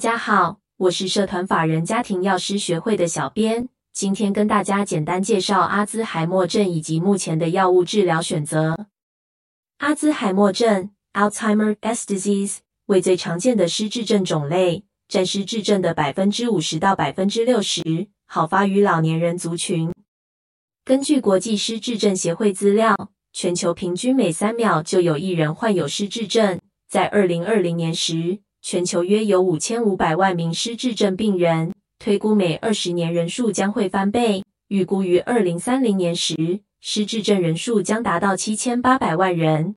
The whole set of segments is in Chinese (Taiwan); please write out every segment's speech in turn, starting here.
大家好，我是社團法人家庭藥師學會的小編，今天跟大家簡單介紹阿茲海默症以及目前的藥物治療選擇。阿茲海默症 （Alzheimer's disease） 為最常見的失智症種類，占失智症的百分之五十到百分之六十，好發於老年人族群。根據國際失智症協會資料，全球平均每三秒就有一人患有失智症，在二零二零年時。全球約有五千五百萬名失智症病人，推估每二十年人數將會翻倍，預估於二零三零年時，失智症人數將達到七千八百萬人。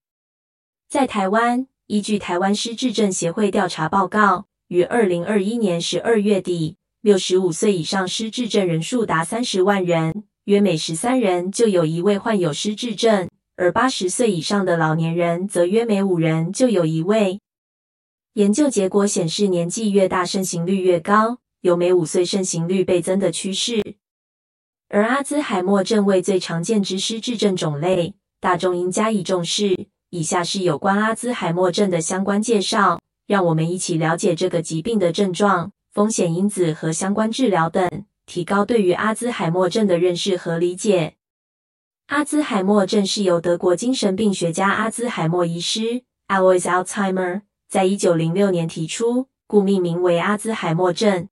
在台灣，依據台灣失智症協會調查報告，於二零二一年十二月底，六十五歲以上失智症人數達三十萬人，約每十三人就有一位患有失智症，而八十歲以上的老年人則約每五人就有一位。研究結果顯示，年紀越大，盛行率越高，有每五歲盛行率倍增的趨勢。而阿茲海默症為最常見之失智症種類，大眾應加以重視。以下是有關阿茲海默症的相關介紹，讓我們一起了解這個疾病的症狀、風險因子和相關治療等，提高對於阿茲海默症的認識和理解。阿茲海默症是由德國精神病學家阿茲海默醫師 （Alois Alzheimer） 在一九零六年提出，故命名為阿茲海默症，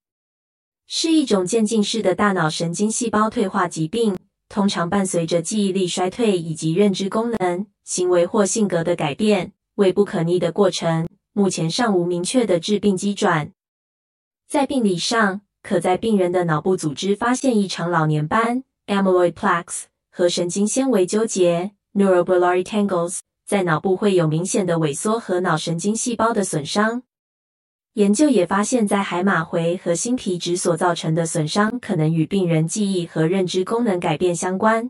是一種漸進式的大腦神經細胞退化疾病，通常伴隨着記憶力衰退以及認知功能、行為或性格的改變，為不可逆的過程。目前尚無明確的致病機轉。在病理上，可在病人的腦部組織發現異常老年斑 （amyloid plaques） 和神經纖維糾結 n e u r o f b r l l a r y tangles）。在腦部會有明顯的萎縮和腦神經細胞的損傷。研究也發現，在海馬回和新皮質所造成的損傷，可能與病人記憶和認知功能改變相關。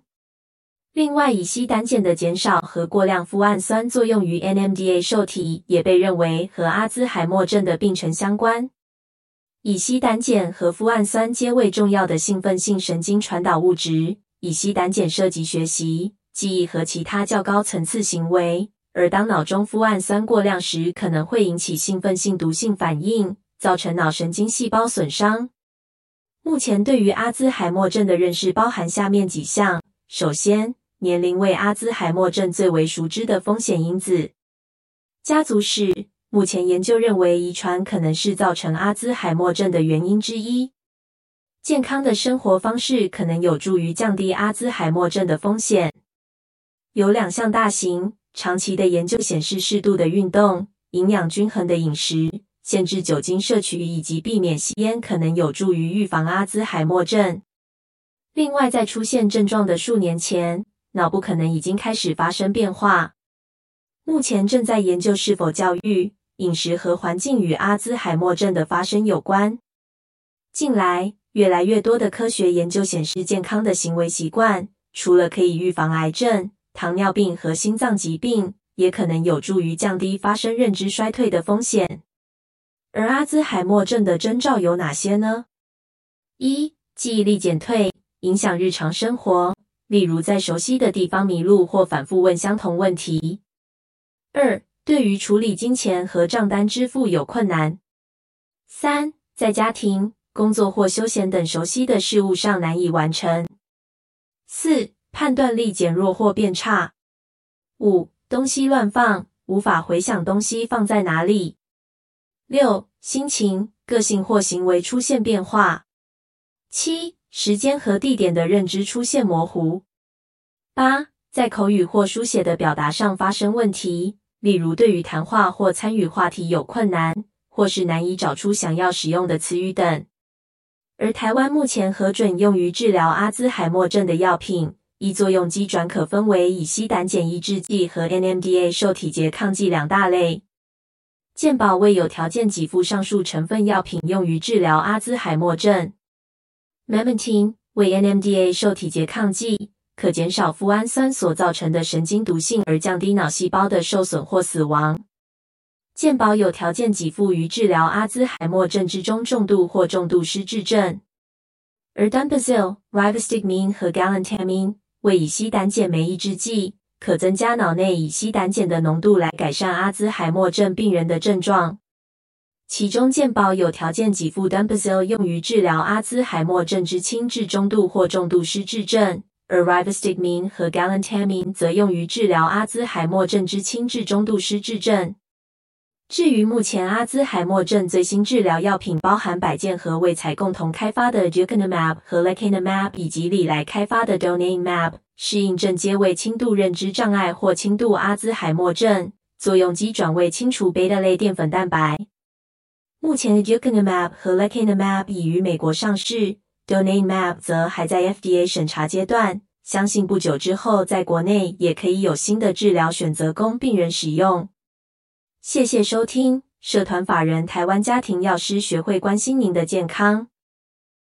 另外，乙醯膽鹼的減少和過量谷氨酸作用於 NMDA 受體，也被認為和阿茲海默症的病程相關。乙醯膽鹼和谷氨酸皆為重要的興奮性神經傳導物質。乙醯膽鹼涉及學習。記憶和其他較高層次行為。而當腦中麩胺酸過量時，可能會引起興奮性毒性反應，造成腦神經細胞損傷。目前對於阿茲海默症的認識包含下面幾項：首先，年齡為阿茲海默症最為熟知的風險因子。家族史。目前研究認為，遺傳可能是造成阿茲海默症的原因之一。健康的生活方式可能有助於降低阿茲海默症的風險。有兩項大型、長期的研究顯示，適度的運動、營養均衡的飲食、限制酒精攝取以及避免吸煙，可能有助於預防阿茲海默症。另外，在出現症狀的數年前，腦部可能已經開始發生變化。目前正在研究是否教育、飲食和環境與阿茲海默症的發生有關。近來，越來越多的科學研究顯示，健康的行為習慣除了可以預防癌症。糖尿病和心臟疾病也可能有助於降低發生認知衰退的風險。而阿茲海默症的徵兆有哪些呢？一、記憶力減退，影響日常生活，例如在熟悉的地方迷路或反覆問相同問題。二、對於處理金錢和賬單支付有困難。三、在家庭、工作或休閒等熟悉的事物上難以完成。四、判斷力減弱或變差。五、東西亂放，無法回想東西放在哪裡。六、心情、個性或行為出現變化。七、時間和地點的認知出現模糊。八、在口語或書寫的表達上發生問題，例如對於談話或參與話題有困難，或是難以找出想要使用的詞語等。而台灣目前核准用於治療阿茲海默症的藥品。依作用機轉可分為乙醯膽鹼抑制劑和 NMDA 受體拮抗劑兩大類。健保為有條件給付上述成分藥品用於治療阿茲海默症。Memantine 為 NMDA 受體拮抗劑，可減少麩胺酸所造成的神經毒性，而降低腦細胞的受損或死亡。健保有條件給付於治療阿茲海默症之中重度或重度失智症。而 Donepezil、Rivastigmine 和 Galantamine，為乙醯膽鹼酶抑制劑，可增加腦內乙醯膽鹼的濃度來改善阿茲海默症病人的症狀。其中，健保有條件給付 Donepezil 用於治療阿茲海默症之輕至中度或重度失智症，而 Rivastigmine 和 Galantamine 則用於治療阿茲海默症之輕至中度失智症。至於目前，阿茲海默症最新治療藥品包含百健和衛材共同開發的 Aducanumab 和 Lecanemab 以及禮來開發的 Donanemab，適應症皆為輕度認知障礙或輕度阿茲海默症，作用機轉為清除貝塔類澱粉蛋白。目前的 Aducanumab 和 Lecanemab 已於美國上市，Donanemab 則還在 FDA 審查階段，相信不久之後，在國內也可以有新的治療選擇供病人使用。謝謝收聽，社團法人台灣家庭藥師學會關心您的健康。